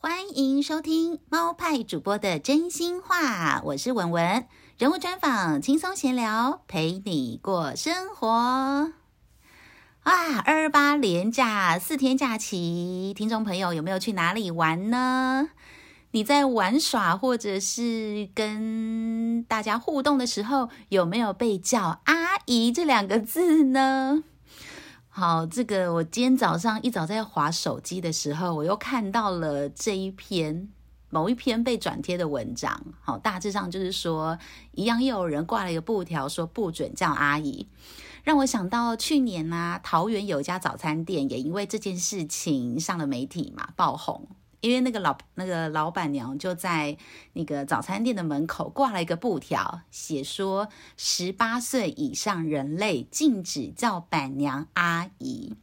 歡迎收聽貓派主播的真心話，我是文文。人物專訪，輕鬆閒聊，陪你過生活。啊，二八連假，四天假期，聽眾朋友有沒有去哪裡玩呢？你在玩耍或者是跟大家互動的時候，有沒有被叫阿姨這兩個字呢？好，這個我今天早上一早在滑手機的時候，我又看到了這一篇某一篇被轉貼的文章。好，大致上就是說，一樣又有人掛了一個布條，說不准叫阿姨，讓我想到去年啊，桃園有一家早餐店也因為這件事情上了媒體嘛，爆紅。因為那個老那個老闆娘就在那個早餐店的門口掛了一個布條，寫說十八歲以上人類禁止叫闆娘阿姨。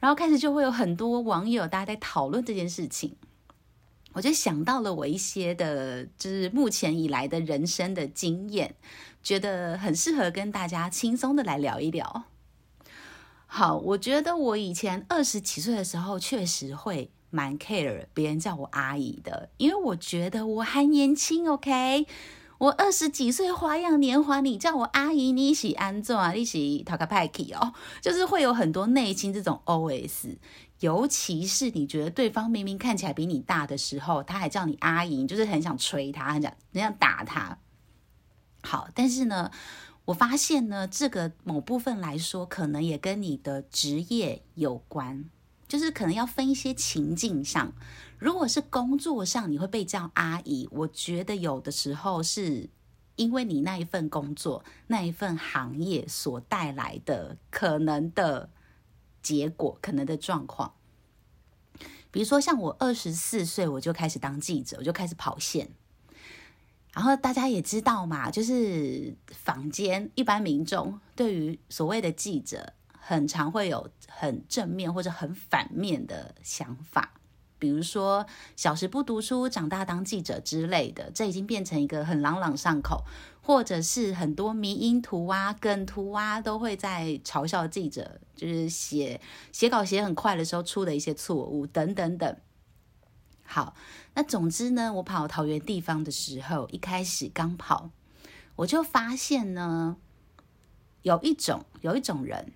然後開始就會有很多網友大家在討論這件事情，我就想到了我一些的就是目前以來的人生的經驗，覺得很適合跟大家輕鬆的來聊一聊。好，我覺得我以前二十幾歲的時候確實會。蠻 care 別人叫我阿姨的，因為我覺得我還年輕，OK？我二十幾歲花樣年華，你叫我阿姨，你一起安坐啊？你 p 討個屁哦！就是會有很多內心這種 OS，尤其是你覺得對方明明看起來比你大的時候，他還叫你阿姨，就是很想捶他，很想很想打他。好，但是呢，我發現呢，這個某部分來說，可能也跟你的職業有關。就是可能要分一些情境上，如果是工作上，你會被叫阿姨。我覺得有的時候是因為你那一份工作、那一份行業所帶來的可能的結果、可能的狀況。比如說，像我二十四歲，我就開始當記者，我就開始跑線。然後大家也知道嘛，就是坊間一般民眾對於所謂的記者。很常會有很正面或者很反面的想法，比如說“小時不讀書，長大當記者”之類的，這已經變成一個很朗朗上口，或者是很多迷因圖啊、梗圖啊都會在嘲笑記者，就是寫寫稿寫很快的時候出的一些錯誤等等等。好，那總之呢，我跑桃園地方的時候，一開始剛跑，我就發現呢，有一種有一種人。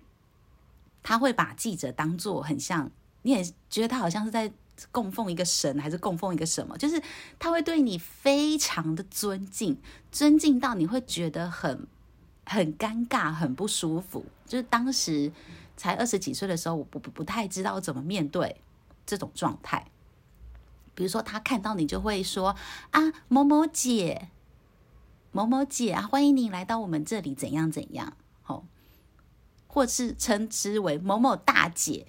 他會把記者當作很像，你也覺得他好像是在供奉一個神，還是供奉一個什麼？就是他會對你非常的尊敬，尊敬到你會覺得很很尷尬、很不舒服。就是當時才二十幾歲的時候，我不，不，不太知道怎麼面對這種狀態。比如說，他看到你就會說：“啊，某某姐，某某姐啊，歡迎您來到我們這裡，怎樣怎樣。”哦。或是稱之為某某大姐，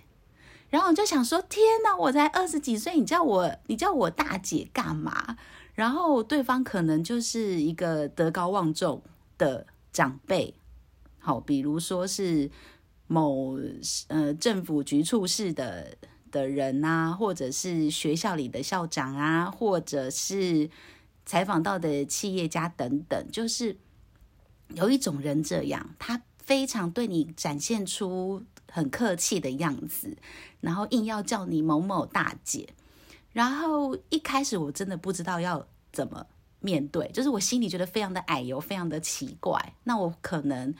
然後我就想說：天哪，我才二十幾歲，你叫我你叫我大姐幹嘛？然後對方可能就是一個德高望重的長輩，好，比如說是某呃政府局處室的的人啊，或者是學校裡的校長啊，或者是採訪到的企業家等等，就是有一種人這樣，他。非常對你展現出很客氣的樣子，然後硬要叫你某某大姐，然後一開始我真的不知道要怎麼面對，就是我心裡覺得非常的矮油，非常的奇怪。那我可能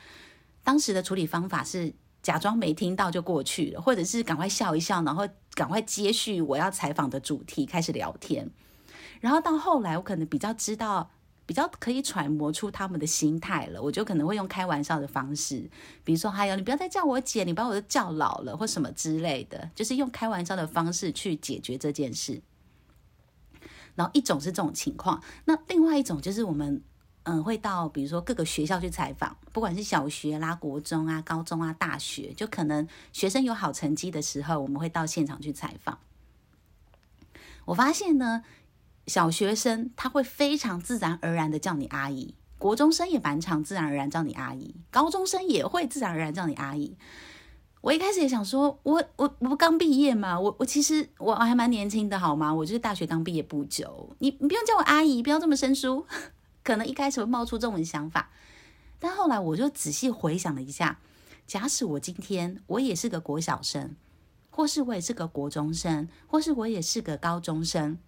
當時的處理方法是假裝沒聽到就過去了，或者是趕快笑一笑，然後趕快接續我要採訪的主題開始聊天。然後到後來，我可能比較知道。比較可以揣摩出他們的心態了，我就可能會用開玩笑的方式，比如說：“還有，你不要再叫我姐，你把我都叫老了，或什麼之類的。”就是用開玩笑的方式去解決這件事。然後一種是這種情況，那另外一種就是我們嗯會到，比如說各個學校去採訪，不管是小學啦、國中啊、高中啊、大學，就可能學生有好成績的時候，我們會到現場去採訪。我發現呢。小學生他會非常自然而然的叫你阿姨，國中生也蠻常自然而然叫你阿姨，高中生也會自然而然叫你阿姨。我一開始也想說，我我我剛畢業嘛，我我其實我我還蠻年輕的，好嗎？我就是大學剛畢業不久，你你不用叫我阿姨，不要這麼生疏。可能一開始會冒出這種想法，但後來我就仔細回想了一下，假使我今天我也是個國小生，或是我也是個國中生，或是我也是個高中生。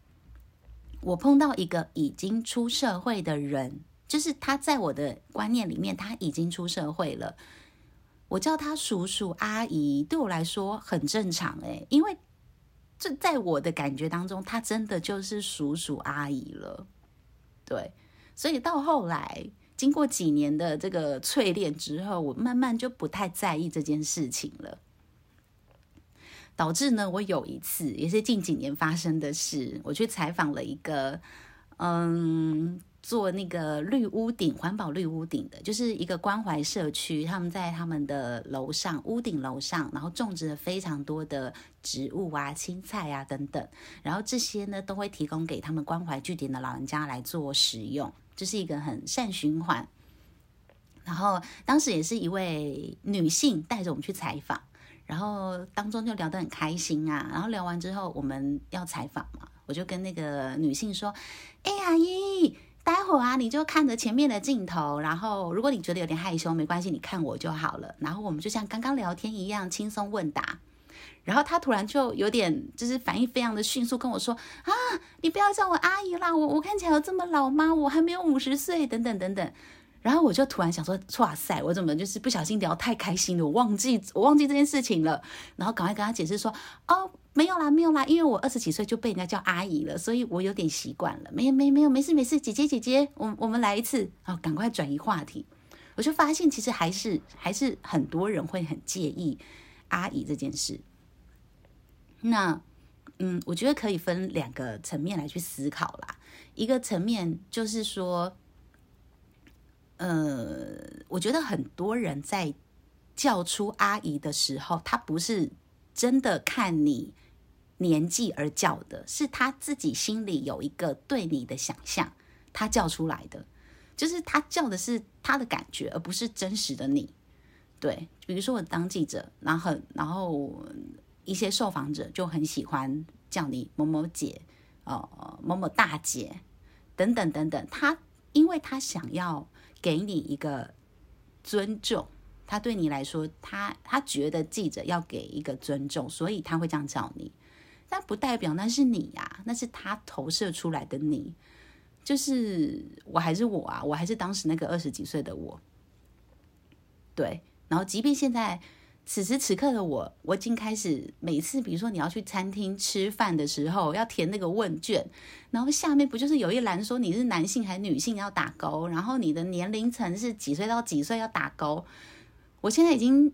我碰到一個已經出社會的人，就是他在我的觀念裡面，他已經出社會了。我叫他叔叔阿姨，對我來說很正常誒，因為這在我的感覺當中，他真的就是叔叔阿姨了。對，所以到後來，經過幾年的這個淬煉之後，我慢慢就不太在意這件事情了。導致呢，我有一次也是近幾年發生的事，我去採訪了一個，嗯，做那個綠屋頂環保綠屋頂的，就是一個關懷社區，他們在他們的樓上屋頂樓上，然後種植了非常多的植物啊、青菜啊等等，然後這些呢都會提供給他們關懷據點的老人家來做食用，這、就是一個很善循環。然後當時也是一位女性帶着我們去採訪。然後當中就聊得很開心啊，然後聊完之後我們要採訪嘛，我就跟那個女性說：“哎，阿姨，待會兒啊，你就看着前面的鏡頭，然後如果你覺得有點害羞，沒關係，你看我就好了。”然後我們就像剛剛聊天一樣輕鬆問答，然後她突然就有點就是反應非常的迅速跟我說：“啊，你不要叫我阿姨啦，我我看起來有這麼老嗎？我還沒有五十歲，等等等等。”然後我就突然想說，哇塞，我怎麼就是不小心聊太開心了？我忘記我忘記這件事情了。然後趕快跟他解釋說，哦，沒有啦，沒有啦，因為我二十幾歲就被人家叫阿姨了，所以我有點習慣了。沒有，沒，沒有，沒事，沒事，姐姐，姐姐，我我們來一次啊，然後趕快轉移話題。我就發現其實還是還是很多人會很介意阿姨這件事。那，嗯，我覺得可以分兩個層面來去思考啦。一個層面就是說，呃，我覺得很多人在叫出阿姨的時候，他不是真的看你年紀而叫的，是他自己心裡有一個對你的想象，他叫出來的，就是他叫的是他的感覺，而不是真實的你。對，比如說我當記者，然後然後一些受訪者就很喜歡叫你某某姐，呃，某某大姐，等等等等，他因為他想要。給你一個尊重，他對你來說，他他覺得記者要給一個尊重，所以他會這樣叫你。但不代表那是你呀，啊，那是他投射出來的你。就是我還是我啊，我還是當時那個二十幾歲的我。對，然後即便現在。此時此刻的我，我已經開始每次，比如說你要去餐廳吃飯的時候，要填那個問卷，然後下面不就是有一欄說你是男性還是女性要打勾，然後你的年齡層是幾歲到幾歲要打勾。我現在已經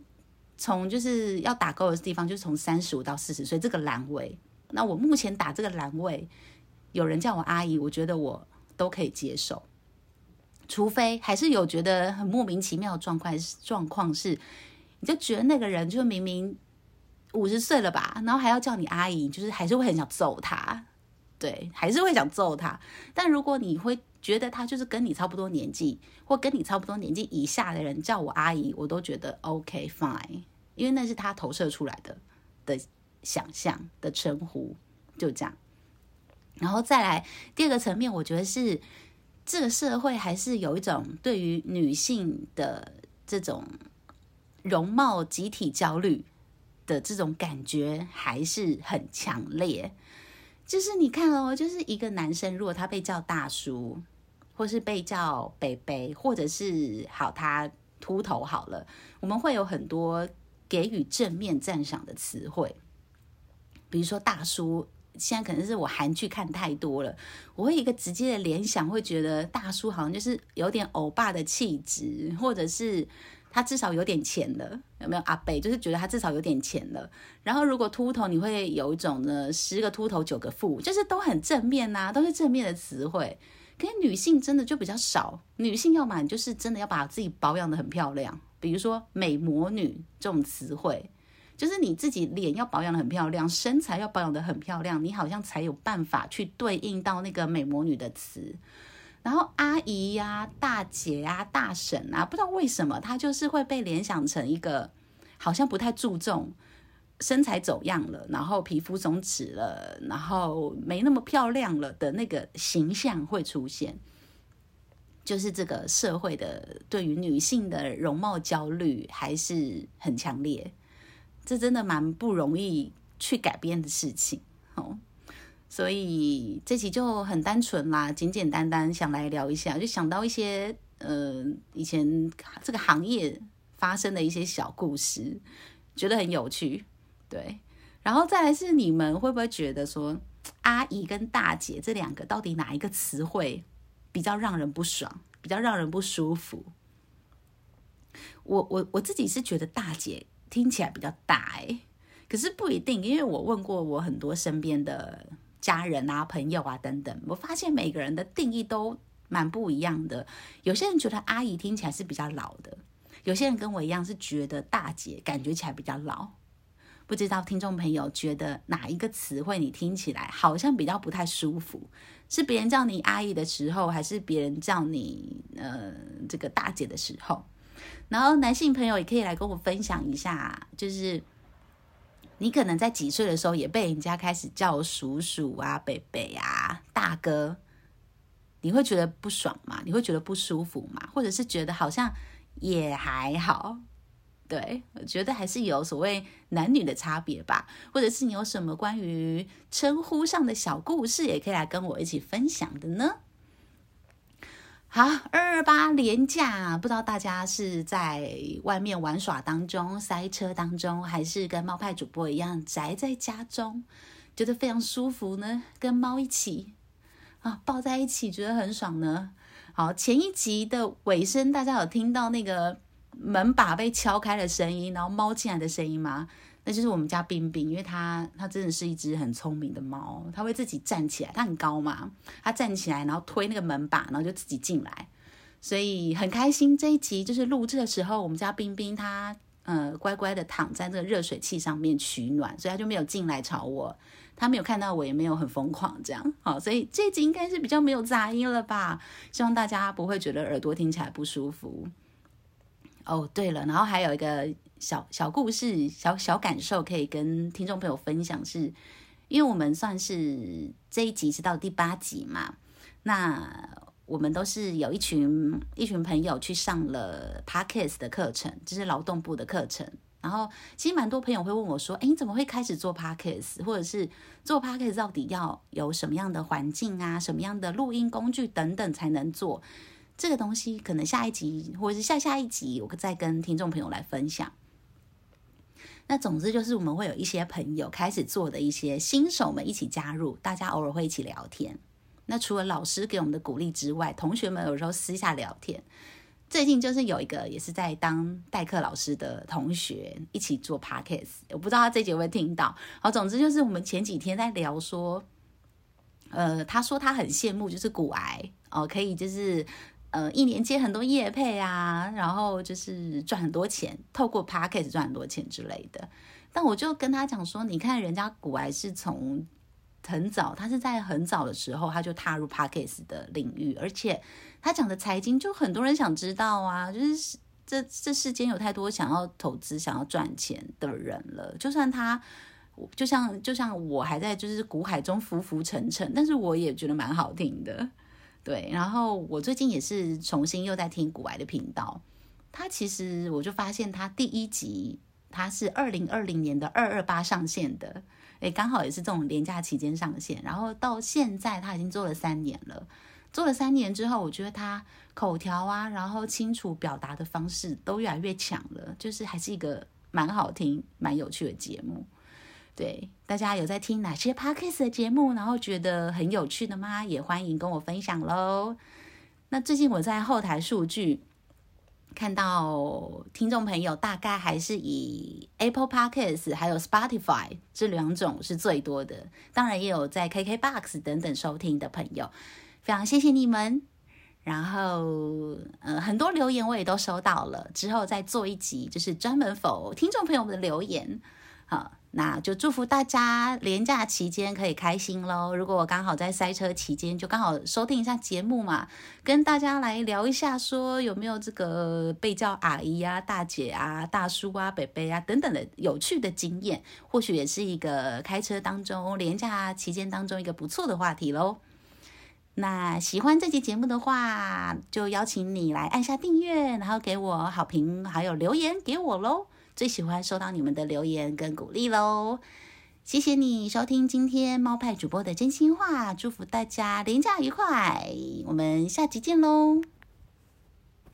從就是要打勾的地方，就是從三十五到四十歲這個欄位。那我目前打這個欄位，有人叫我阿姨，我覺得我都可以接受，除非還是有覺得很莫名其妙的狀況，狀況是。你就覺得那個人就明明五十歲了吧，然後還要叫你阿姨，就是還是會很想揍他。對，還是會想揍他。但如果你會覺得他就是跟你差不多年紀，或跟你差不多年紀以下的人叫我阿姨，我都覺得 OK，fine，因為那是他投射出來的的想象的稱呼，就這樣。然後再來第二個層面，我覺得是這個社會還是有一種對於女性的這種。容貌集體焦慮的這種感覺還是很強烈。就是你看哦，就是一個男生，如果他被叫大叔，或是被叫北北，或者是好他禿頭好了，我們會有很多給予正面讚賞的詞彙，比如說大叔。現在可能是我韓劇看太多了，我會一個直接的聯想，會覺得大叔好像就是有點歐巴的氣質，或者是。他至少有點錢的，有沒有阿伯？就是覺得他至少有點錢的。然後如果禿頭，你會有一種呢，十個禿頭九個富，就是都很正面吶、啊，都是正面的詞彙。可是女性真的就比較少，女性要麼就是真的要把自己保養的很漂亮，比如說美魔女這種詞彙，就是你自己臉要保養的很漂亮，身材要保養的很漂亮，你好像才有辦法去對應到那個美魔女的詞。然後阿姨呀、啊、大姐啊、大嬸啊，不知道為什麼，她就是會被聯想成一個好像不太注重身材走樣了，然後皮膚鬆弛了，然後沒那麼漂亮了的那個形象會出現。就是這個社會的對於女性的容貌焦慮還是很強烈，這真的蠻不容易去改變的事情，哦。所以這期就很單純啦，簡簡單單想來聊一下，就想到一些呃以前這個行業發生的一些小故事，覺得很有趣，對。然後再來是你們會不會覺得說阿姨跟大姐這兩個到底哪一個詞彙比較讓人不爽，比較讓人不舒服？我我我自己是覺得大姐聽起來比較大，誒，可是不一定，因為我問過我很多身邊的。家人啊，朋友啊，等等，我發現每個人的定義都蠻不一樣的。有些人覺得阿姨聽起來是比較老的，有些人跟我一樣是覺得大姐感覺起來比較老。不知道聽眾朋友覺得哪一個詞彙你聽起來好像比較不太舒服？是別人叫你阿姨的時候，還是別人叫你呃這個大姐的時候？然後男性朋友也可以來跟我分享一下，就是。你可能在幾歲的時候也被人家開始叫叔叔啊、伯伯啊、大哥，你會覺得不爽嗎？你會覺得不舒服嗎？或者是覺得好像也還好？對，我覺得還是有所謂男女的差別吧，或者是你有什麼關於稱呼上的小故事，也可以來跟我一起分享的呢？好，二二八連假，不知道大家是在外面玩耍當中、塞車當中，還是跟貓派主播一樣宅在家中，覺得非常舒服呢？跟貓一起啊，抱在一起，覺得很爽呢。好，前一集的尾聲，大家有聽到那個門把被敲開的聲音，然後貓進來的聲音嗎？那就是我們家冰冰，因為它它真的是一隻很聰明的貓，它會自己站起來，它很高嘛，它站起來然後推那個門把，然後就自己進來，所以很開心。這一集就是錄制的時候，我們家冰冰它呃乖乖的躺在這個熱水器上面取暖，所以它就沒有進來吵我，它沒有看到我也沒有很瘋狂這樣，好，哦，所以這一集應該是比較沒有雜音了吧，希望大家不會覺得耳朵聽起來不舒服。哦，對了，然後還有一個。小小故事，小小感受，可以跟聽眾朋友分享。是，因為我們算是這一集是到第八集嘛，那我們都是有一群一群朋友去上了 Podcast 的課程，就是勞動部的課程。然後，其實蠻多朋友會問我說：“哎，你怎麼會開始做 Podcast？或者是做 Podcast 到底要有什麼樣的環境啊，什麼樣的錄音工具等等才能做這個東西？”可能下一集或者是下下一集，我再跟聽眾朋友來分享。那總之就是我們會有一些朋友開始做的一些新手們一起加入，大家偶爾會一起聊天。那除了老師給我們的鼓勵之外，同學們有時候私下聊天。最近就是有一個也是在當代課老師的同學一起做 podcast 我不知道他這集會聽到。好、哦，總之就是我們前幾天在聊說，呃，他說他很羨慕就是股癌哦，可以就是。呃，一年接很多業配啊，然後就是賺很多錢，透過 Podcast 賺很多錢之類的。但我就跟他講說，你看人家股癌是從很早，他是在很早的時候他就踏入 Podcast 的領域，而且他講的財經就很多人想知道啊，就是這這世間有太多想要投資、想要賺錢的人了。就算他，就像就像我還在就是股海中浮浮沉沉，但是我也覺得蠻好聽的。對，然後我最近也是重新又在聽股癌的頻道，他其實我就發現他第一集他是二零二零年的二二八上線的，哎、欸，剛好也是這種連假期間上線，然後到現在他已經做了三年了，做了三年之後，我覺得他口條啊，然後清楚表達的方式都越來越強了，就是還是一個蠻好聽、蠻有趣的節目。對，大家有在聽哪些 Podcast 的節目，然後覺得很有趣的嗎？也歡迎跟我分享嘍。那最近我在後台數據看到聽眾朋友大概還是以 Apple Podcasts 還有 Spotify 這兩種是最多的，當然也有在 KKBOX 等等收聽的朋友，非常謝謝你們。然後，呃、嗯，很多留言我也都收到了，之後再做一集就是專門 for 聽眾朋友們的留言，好。那就祝福大家連假期間可以開心嘍。如果我剛好在塞車期間，就剛好收聽一下節目嘛，跟大家來聊一下，說有沒有這個被叫阿姨呀、啊、大姐啊、大叔啊、伯伯啊等等的有趣的經驗，或許也是一個開車當中連假期間當中一個不錯的話題嘍。那喜歡這期節目的話，就邀請你來按下訂閱，然後給我好評，還有留言給我嘍。最喜歡收到你們的留言跟鼓勵嘍，謝謝你收聽今天貓派主播的真心話，祝福大家連假愉快，我們下集見嘍。